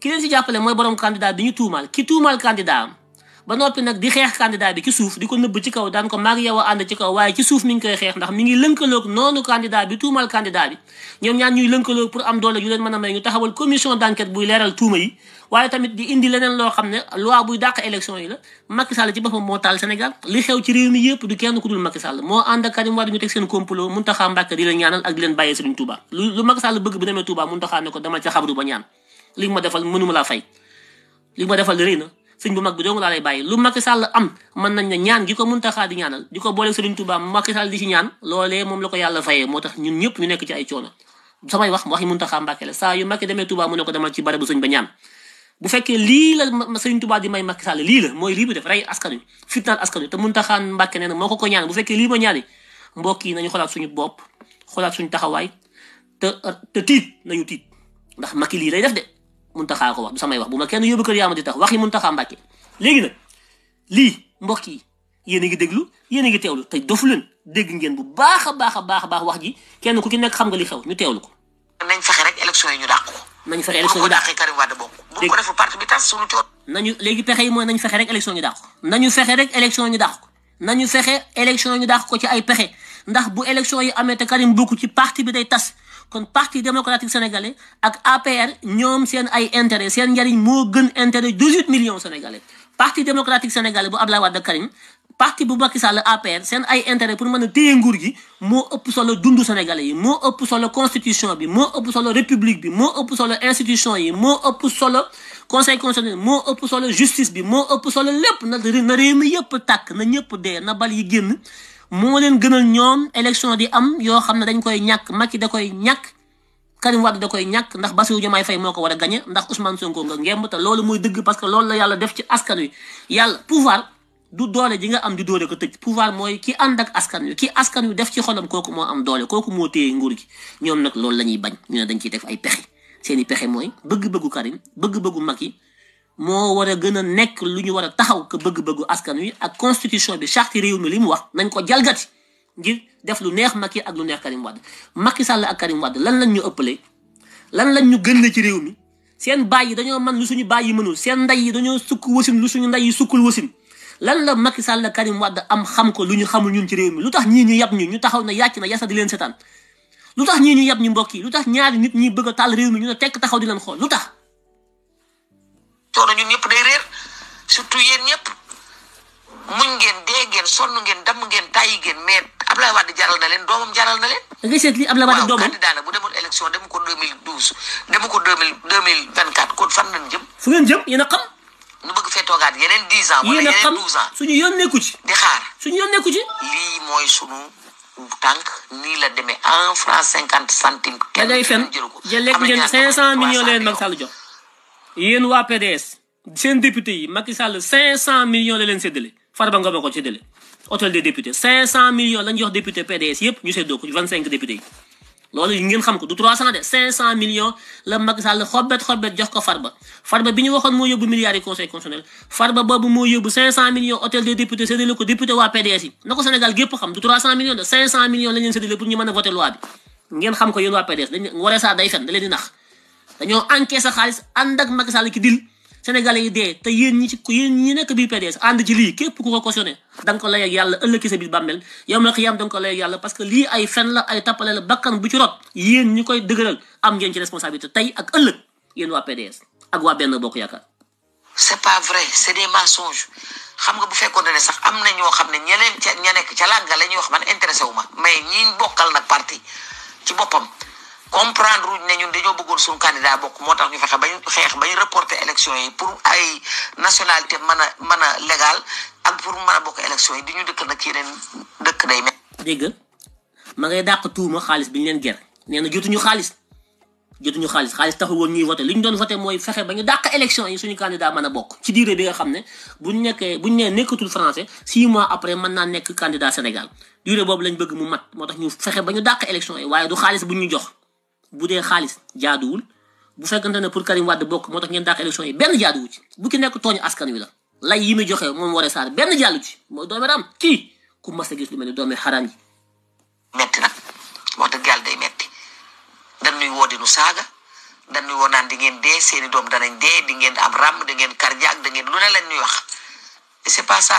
ki leen si jàppale mooy borom candidat bi ñu tuumal ki tuumal candidat am ba noppi nag di xeex candidat bi ci suuf di ko nëbb ci kaw daan ko mag yow a ànd ci kaw waaye ci suuf mi ngi koy xeex ndax mi ngi lënkaloog noonu candidat bi tuumal candidat bi ñoom ñaan ñuy lënkaloog pour am doole yu leen mën a may ñu taxawal commission d' enquête buy leeral tuuma yi waaye tamit di indi leneen loo xam ne loi buy dàq élection yi la Macky Sall ci boppam moo taal Sénégal li xew ci réew mi yépp du kenn ku dul Macky Sall moo ànd ak Karim Wade ñu teg seen complot Mountakha Mbacké di leen ñaanal ak di leen bàyyee Serigne Touba lu Macky Sall bëgg bu demee Touba Mountakha ne ko dama ca xabru ba ñaan lima ma defal mënuma laa fay li ma defal rëy na bu mag bi dong la lay lu Macky Sall am man nañ ne ñaan giko ko Muntaxa di ñaanal diko bolé booleeg Touba Macky Sall di ci ñaan lolé mom la ko yalla fayé motax ñun ñëpp ñu nekk ci ay samay wax waxi Muntaxa Mbàkke la sa yu Macky démé Touba mu ne ko demal ci barabu sëñ ba ñaan bu fekkee li la Sëriñ touba di may Macky Sall li la moy li bu def ray askan wi fitnaal askan wi te Muntaxa Mbàkke nee na ko ñaan bu li ma ñaani mbokk yi nañu xolaat suñu bop xolaat suñu taxaway te te tit, nañu tit ndax makki li lay def de Muntaxa ko wax du samay wax bu ma kenn yóbbu kër yaa ma di tax waxi Muntaxa Mbàkke léegi nag lii mbokk yi yéen a ngi déglu yéen a ngi teewlu te dofu leen dégg ngeen bu baax a baax a baax a baax wax ji kenn ku ki nekk xam nga li xew ñu teewlu ko. nañ fexe rek élection yi ñu dàq ko. nañ fexe élection yi dàq ko bu ko dàqee Karim Wade bokk. bu ko nañu léegi pexe yi mooy nañu fexe rek élection ñu dàq ko. nañu fexe rek élection ñu dàq ko. nañu fexe élection ñu dàq ko ci ay pexe ndax bu élection yi amee te Karim bokk ci parti bi day tas kon parti démocratique sénégalais ak APR ñoom seen ay intérêt seen njariñ moo gën intérêt 18 million sénégalais parti démocratique sénégalais bu Abdoulaye Wade Karim parti bu Macky Sall APR seen ay intérêt pour mën a téye nguur gi moo ëpp solo dundu sénégalais yi moo ëpp solo constitution bi moo ëpp solo république bi moo ëpp solo institution yi moo ëpp solo conseil constitutionnel moo ëpp solo justice bi moo ëpp solo lépp na na réew mi yëpp tàkk na ñëpp dee na bal yi génn moo leen gënal ñoom élection di am yoo xam ne dañ koy ñàkk yi da koy ñàkk Karim Wade da koy ñàkk ndax Bassirou Diomaye fay moo ko war a gagné ndax Ousmane Sonko nga ngemb te loolu mooy dëgg parce que loolu la yàlla def ci askan wi yàlla pouvoir du doole ji nga am di doole ko tëj pouvoir mooy ki ànd ak askan wi ki askan wi def ci xolam kooku moo am doole kooku moo téye nguur gi ñoom nag loolu la ñuy bañ ñoo dañ ciy def ay pexe seeni pexe mooy bëgg-bëggu Karim bëgg-bëggu Macky moo war a gën a nekk lu ñu war a taxaw ko bëgg-bëggu askan wi ak constitution bi charte réew mi li mu wax nañ ko jalgati ngir def lu neex Macky ak lu neex Karim Wade Macky Sall ak Karim Wade lan lañ ñu ëppalee lan lañ ñu gën ci réew mi seen baay yi dañoo man lu suñu baay yi mënul seen nday yi dañoo sukk wasin lu suñu nday yi sukkul wasin la Macky Sall ak Karim Wade am xam ko lu ñu xamul ñun ci réew mi lu tax ñii ñu yab ñu ñu taxaw na yàcc na yasa di leen setaan lu tax ñii ñu yab ñu mbokk yi lu tax ñaari nit ñi bëgg tàll taal réew mi ñu ne tekk taxaw di leen xool lu tax ñun ñëpp day réer surtout yéen ñëpp muñ ngeen dee ngeen sonn ngeen damm ngeen tàyyi ngeen mais Ablaye Wade jaral na leen doomam jaral na leen. da ngay seet li Ablaye Wade doomam waaw candidat la bu demoon élection demu ko 2012 demu ko 2024 kon fan nañ jëm. fu ngeen jëm yéen a xam. ñu bëgg ci. di xaar suñu yoon nekku ci. lii mooy sunu tànk nii la demee un franc cinquante centime. kenn jëlu ko da ngay fen jël lekk ngeen 500 millions leen Macky Sall jox. yéen waa PDS. sen député yi Macky Sall 500 millions la len séddale Farba Ngom ko séddale hôtel des députés 500 millions lañ jox député PDS yépp ñu séddoo ko 25 députés yi. loolu yi ngeen xam ko du 300 de 500 millions la Macky Sall xobbet xobbet jox ko Farba Farba biñu waxon mo yobbu milliards yi conseil constitutionnel Farba bobu mo yobbu 500 millions hôtel des députés séddale ko député wa PDS yi na Sénégal gépp xam du 300 millions de 500 millions lañ leen séddale pour ñu mëna voter loi bi. ngeen xam ko yéen wa PDS dañ waré sa day fen da leen di nax dañoo encaissé xaalis ànd ak Macky Sall ki dil sénégalais yi dee te yéen ñi ci yéen ñi nekk biir PDS ànd ci lii képp ku ko cautionné da nga ko lay ak yàlla ëllëg sa biir bàmmeel yow la xiyam da nga ko lay ak yàlla parce que lii ay fen la ay tappale la bakkan bu ci rot yéen ñi koy dëgëral am ngeen ci responsabilité tey ak ëllëg yéen waa PDS ak waa benn bokk yaakaar. c'est pas vrai c'est des mensonges xam nga bu fekkoon ne sax am na ñoo xam ne ñeneen ca ña nekk ca làng la ñuy wax man intéressé wu ma mais ñi bokkal nag parti ci boppam comprendre wuñ ne dañoo bëggoon suñu candidat bokk moo tax ñu fexe bañ xeex bañ reporter élection yi pour ay nationalité mën a mën a légal ak pour mën a bokk yi di ñu dëkk nag yeneen dëkk day mel. dégg ma ngay dàq tuuma xaalis bi na jotuñu xaalis jotuñu xaalis xaalis taxul woon ñuy ñu doon voté mooy fexe ba ñu dàq élection yi suñu candidat mën a bokk ci diire bi nga xam ne buñ nekkee buñ nee nekkatul français six mois après mën naa nekk candidat Sénégal diire boobu lañ bëgg mu mat moo tax ñu fexe ba ñu dàq élection yi waaye du xaalis buñ ñu jox bu dee xaalis jaaduwul bu fekkante ne pour Karim Wade bokk moo tax ngeen dàq élection yi benn jaaduwu ci bu ki nekk tooñ askan wi la lay yi muy joxe moom Woré Sarr benn jàllu ci moo doomi ram kii ku mas a gis lu mel ni doomi xaram yi metti nag wax dëgg yàlla day metti dañuy woo di nu saaga dañuy woo naan di ngeen dee seeni doom danañ dee di ngeen am ràmm di ngeen cardiaque da ngeen lu leen ñuy wax c'est pas ça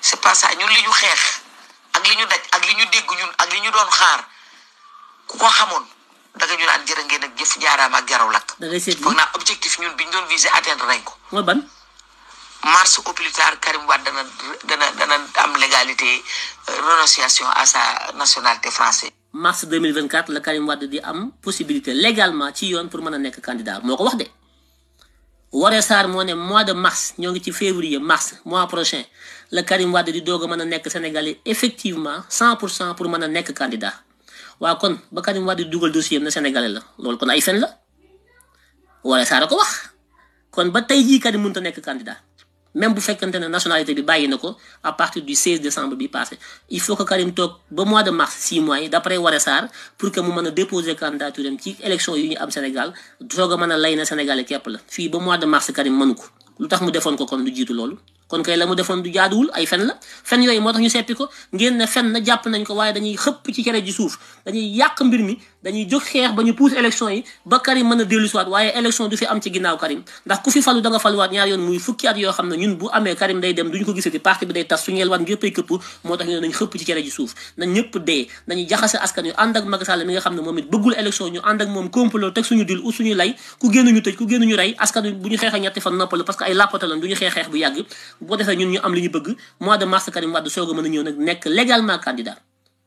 c'est pas ça li ñu xeex ak li ñu daj ak li ñu dégg ñun ak li ñu doon xaar ku ko xamoon danga ñu naan jërë ngeen ak jëf jaaraama ak jaraw lakk. da ngay seetlu foog naa objectif ñun bi ñu doon visé atteindre nañ ko. mooy ban. mars au plus tard Karim Wade dana dana euh, la Karim Wade di am possibilité légalment ci yoon pour mën a nekk candidat moo ko wax de. Woré Sarr moo ne mois de mars ñoo ngi ci février mars mois prochain la Karim Wade di doog a mën a nekk sénégalais effectivement 100 pour cent pour mën a nekk candidat. waaw kon ba Karim Wade di dugal dossier am na Sénégalais la loolu kon ay fen la wala saara ko wax kon ba tey jii Karim mënut a nekk candidat même bu fekkante na nationalité bi bàyyi na ko à partir du 16 décembre bi passé il faut que Karim toog ba mois de mars 6 mois yi d'après Woré Sarr pour que mu mën a déposer candidature am ci élection yu ñu am Sénégal soog a mën a lay na Sénégalais képp la fii ba mois de mars Karim mënu ko lu tax mu defoon ko kon lu jiitu loolu. kon kay la mu defoon du jaaduwul ay fen la fen yooyu moo tax ñu seppi ko ngeen ne fen na jàpp nañ ko waaye dañuy xëpp ci cere ji suuf dañuy yàq mbir mi dañuy jóg xeex ba ñu pousse élection yi ba Karim mën a dellu si waat waaye élection du fi am ci ginnaaw Karim ndax ku fi falu da nga faluwaat ñaar yoon muy fukki at yoo xam ne ñun bu amee Karim day dem duñu ko gisati parti bi day tas su ñeel waat moo tax ñu ne nañ xëpp ci cere ji suuf ñu ànd ak moom u suñu lay ku génn ñu tëj ku génn ñu rey askan bu ñu xeex ñetti fan noppalu parce que ay lappata du ñu xeex xeex bu yàgg bu defee ñun ñu am li ñu bëgg mois de mars Karim Wade soog a mën a ñëw nekk légalement candidat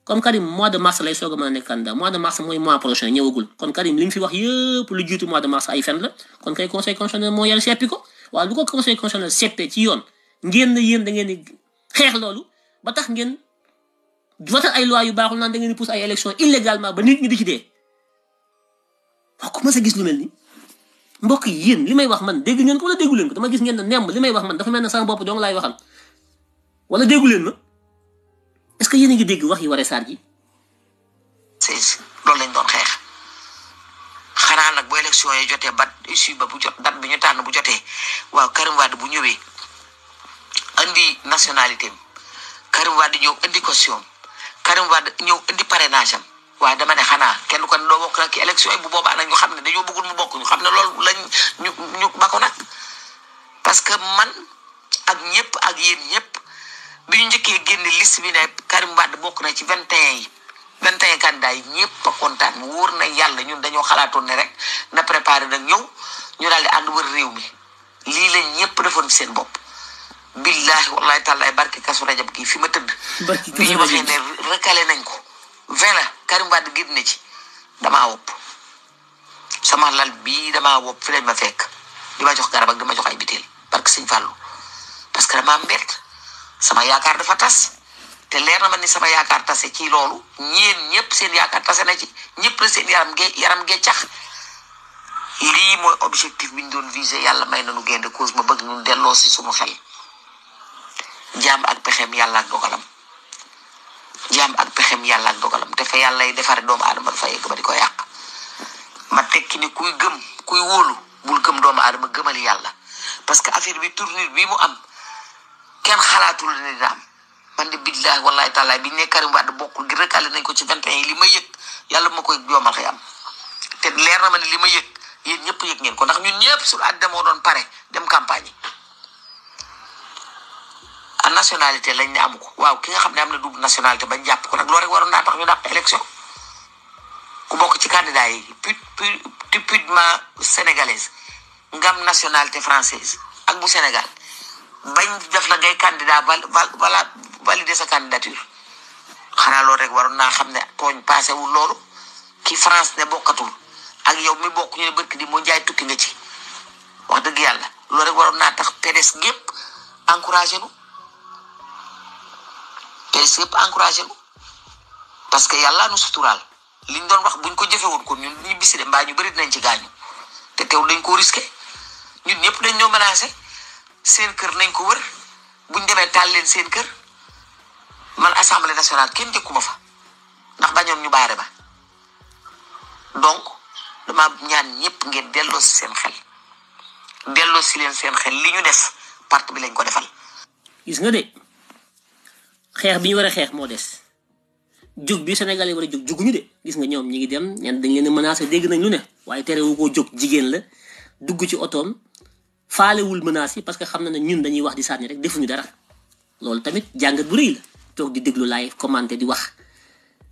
comme Karim mois de mars lay soga mëna nek mois de mars moy mois prochain ñewugul kon Karim liñ fi wax yépp lu jitu mois de mars ay fenn la kon kay conseil constitutionnel mo yalla seppi ko wa bu ko conseil constitutionnel seppé ci yoon ngeen na yeen da ngeen di xex lolu ba tax ngeen voté ay loi yu baxul nan da ngeen di pousse ay élection illégalement ba nit ñi di ci dé wa ko ma sa gis lu melni mbokk yeen limay wax man dégg ngeen ko wala déggulen ko dama gis ngeen nemb limay wax man dafa melni sax bop dong lay waxal wala déggulen ma est-ce que yéen a ngi dégg wax yi Woré Sarr ji. loolu lañ doon xeex xanaa nag bu élection yi jotee bat ba bu jot date bi ñu tànn bu jotee waaw Karim Wade bu ñëwee andi nationalité am Karim Wade ñëw indi caution am Karim ñëw indi pare am waaye dama ne xanaa kenn ko ne bu boobaa nag xam ne dañoo bëggul mu bokk ñu xam ne loolu lañ ñu ñu bako nag parce que man ak ñëpp ak yéen ñëpp. bi ñu njëkkee génn liste bi ne Karim Wade bokk na ci vingt et un yi vingt et un candidat yi ñëpp a kontaan wóor na yàlla ñun dañoo xalaatoon ne rek na préparé nag ñëw ñu daal di ànd wër réew mi lii la ñëpp defoon seen bopp. billahi wallahi taalaay barki kasu rajab kii fi ma tëdd. barki kasu rajab bi ñu waxee ne recalé nañ ko. vingt la Karim Wade génn na ci damaa wopp sama lal bii damaa wopp fi lañ ma fekk di ma jox garab ak di ma jox ay biteel barki sëñ Fallou parce que damaa mbett. sama yaakaar dafa fatas te leer na ma ya ni sama ta se ci lolu ñeen ñepp seen ta se na ci ñepp la seen yaram ge yaram ge tax li mooy objectif bi ñu doon viser yalla may nañu gain de cause ma bëgg ñu dello ci suma xel jam ak pexem yalla ak dogalam jam ak pexem yalla ak dogalam te fa yalla yi defare doomu aadama yegg ba di ko ma tekki ni kuy gëm kuy wolu bul gëm doom adam gëmal yalla parce que affaire bi tourner bi mu am kenn xalaatul ne daam man de billahi wallahi taala bi ne Karim Wade bokkul gi rek àll nañ ko ci vingt et li ma yëg yàlla ma koy yoomal xëy am te leer na ma ne li ma yëg yéen ñëpp yëg ngeen ko ndax ñun ñëpp su ak demoo doon pare dem campagne yi a nationalité lañ ne amu ko waaw ki nga xam ne am na double nationalité bañ jàpp ko nag loolu rek waroon naa tax ñu dàq élection ku bokk ci candidat yi pu pu typiquement sénégalaise ngam nationalité française ak bu Sénégal bañ def la ngay candidat val valider sa candidature xana lo rek waru na xamne ne passé wu lolu ki France ne bokkatul ak yow mi bokku ñu bëkk di mo jaay tukki nga ci wax deug yalla lo rek waru na tax PDS gep encourager nu PDS gep encourager nu parce que yalla nu sutural liñ doon wax buñ ko jëfé won kon ñun ñi bisi dem ba ñu bari dinañ ci gañu te teew dañ ko risquer ñun ñëpp dañ ñoo menacer seen kër nañ ko wër buñ demee taal leen seen kër man assemblée nationale kenn jëkkuma fa ndax bañoon ñu baare ba donc dama ñaan ñëpp ngeen delloo seen xel delloo si leen seen xel li ñu def parti bi lañ ko defal. gis nga de xeex bi ñu war a xeex moo des jóg bi Sénégal yi war a jóg jóguñu de gis nga ñoom ñu ngi dem ñenn dañ leen a menacé dégg nañ lu ne waaye terewu koo jóg jigéen la dugg ci otoom. wul menace parce que xamna na ñun dañuy wax di sànni rek defuñu dara lool tamit jangat bu reuy la tok di deglu live commenter di wax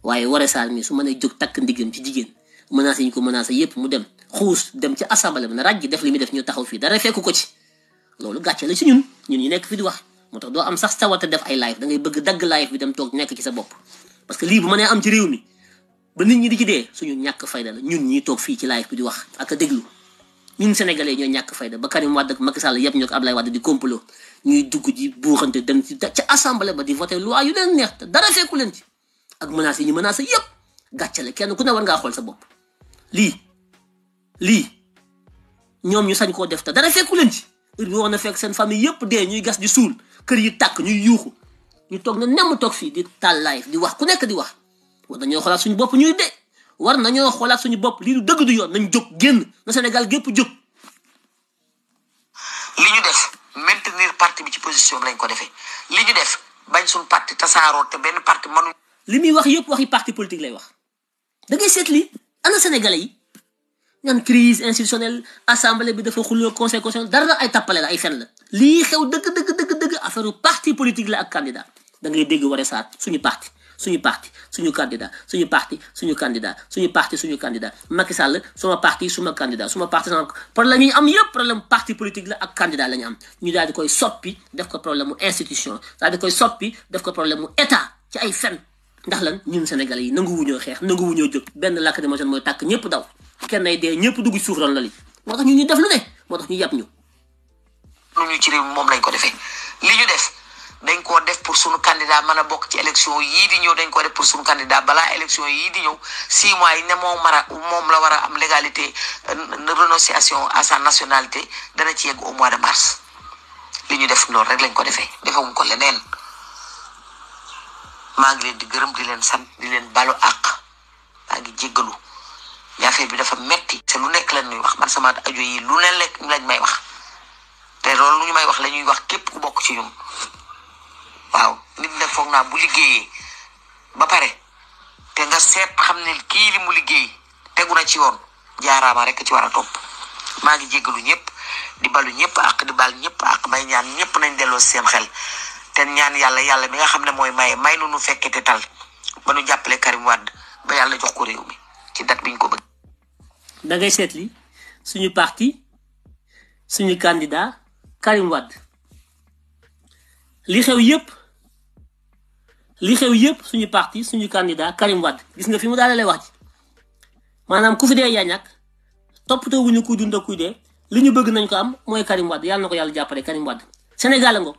waye waré saal mi su mënee jog tak ndigam ci jigen menace ñu ko menace yépp mu dem xuus dem ci assemblée bi na ràjj def limi def ñu taxaw fi dara fekk ko ci loolu gatché la ci ñun ñun yi nekk fi di wax motax do am sax sawata def ay live da ngay bëgg dag live bi dem tok nekk ci sa bop parce que li bu mënee am ci réew mi ba nit ñi di ci dé suñu ñak fayda la ñun ñi tok fi ci live bi di wax ak deglu ñun sénégalais ñoo ñàkk fayda ba karim wadd ak Macky Sall yëpp ñoo ko Ablaye Wade di complot ñuy dugg ji buuxante dem ci ci assemblée ba di voter loi yu leen neex te dara fekku leen ci ak menace yi ñu menacé yëpp gàccale kenn ku ne war ngaa xool sa bopp lii lii ñoom ñu sañ koo def te dara fekku leen ci heure bi fekk seen famille yëpp dee ñuy gas di sul, kër yi tàkk ñuy yuuxu ñu toog na nemm toog fii di tal life, di wax ku nekk di wax war dañoo xoolaat suñu bopp ñuy dee war nañoo xoolaat suñu bopp li du dëgg du yoon nañ jóg génn na Sénégal gépp jóg. li ñu def maintenir parti bi ci position lañ ko defee li ñu def bañ suñu parti tasaaroo te benn parti mënu. li muy wax yëpp waxi parti politique lay wax da ngay seet li ana sénégalais yi ñan crise institutionnelle assemblée bi dafa xuloo conseil constitutionnel dara ay tapalé la ay fenn la. li xew dëgg dëgg dëgg dëgg affaire parti politique la ak candidat da ngay dégg waré saat suñu parti. suñu parti suñu candidat suñu parti suñu candidat suñu parti suñu candidat Macky Sall suma parti suma candidat suma parti sama problème yi am yëpp problème parti politique la ak candidat la ñu am ñu daal di koy soppi def ko problème mu institution daal di koy soppi def ko problème mu état ci ay fen ndax lan ñun Sénégalais yi nangu wuñoo xeex nangu wuñoo jóg benn làkk de motion mooy tàkk ñëpp daw kenn ay dee ñëpp dugg suuf ron la li moo tax ñu ñu def lu ne moo tax ñu yàpp ñu. lu ñu ci réew moom lañ ko defee li ñu def. dañ koo def pour suñu candidat mën a bokk ci élection yii di ñëw dañ ko def pour suñu candidat balaa élection yii di ñëw six mois yi ne moom mara moom la war a am légalité euh, renonciation à sa nationalité dana ci yegg au mois de mars li ñu def loolu rek lañ ko defee defewuñ ko leneen maa ngi leen di gërëm di leen sant di leen balu àq maa ngi jéggalu affaire bi dafa metti te lu nekk lan ñuy wax man sama ajo yi lu ne lekk lañ may wax te loolu lu ñu may wax la ñuy wax képp ku bokk ci ñun waaw nit ne foog naa bu liggéeyee ba pare te nga seet xam ne kii li mu liggéey tegu na ci yoon jaaraama rek ci war a topp maa ngi jéggalu ñëpp di balu ñëpp ak di bal ñëpp ak may ñaan ñëpp nañ delloo seen xel te ñaan yàlla yàlla mi nga xam ne mooy maye may nu nu fekkee te tal ba nu jàppale Karim ba yàlla jox ko réew mi ci dat biñ ko bëgg. da ngay li suñu parti suñu candidat Karim Wade li xew yépp li xew yépp suñu parti suñu candidat Karim wad gis nga fi mu daalalee wax manam ku fi dee yaa ñàkk toppatoo wuñu ku dund ku kuy dee li ñu bëgg nañ ko am moy Karim wad yalla nako yalla yàlla Karim wad Sénégal nga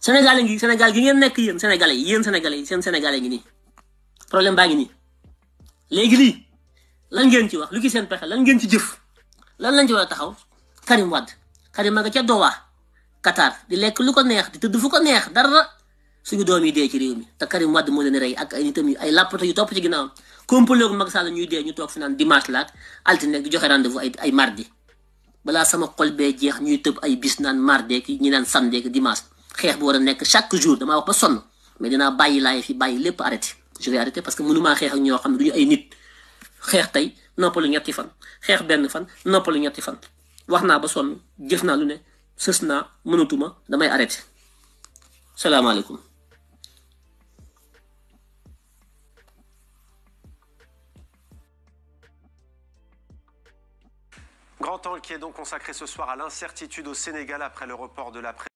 Sénégal ngi Sénégal gi ngeen nek yeen Sénégalais yeen Sénégalais seen Sénégalais ngi ni problème baangi ni légui li lan ngeen ci wax lu ki seen pexe lan ngeen ci jëf lan lañ ci wara taxaw Karim wad Karim nga ca Qatar di lek lu ko neex di tuddu fu ko neex dara suñu doom yi dee ci réew mi te Karim Wade moo leen rey ak ay nitam ay lappata yu topp ci ginnaawam complot gu Macky Sall ñuy dee ñu toog fi naan dimanche laak altine di joxe rendez-vous ay ay mardi balaa sama xol bee jeex ñuy tëb ay bis naan mardi ki ñi naan samedi ak dimanche xeex bu war a nekk chaque jour damaa wax ba sonn mais dinaa bàyyi laay fi bàyyi lépp arrêté je vais arrêter parce que mënumaa xeex ak ñoo xam ne du ñu ay nit xeex tey noppalu ñetti fan xeex benn fan noppalu ñetti fan wax naa ba sonn jëf naa lu ne sës naa mënatuma damay arrêté salaamaaleykum Grand angle qui est donc consacré ce soir à l'incertitude au Sénégal après le report de la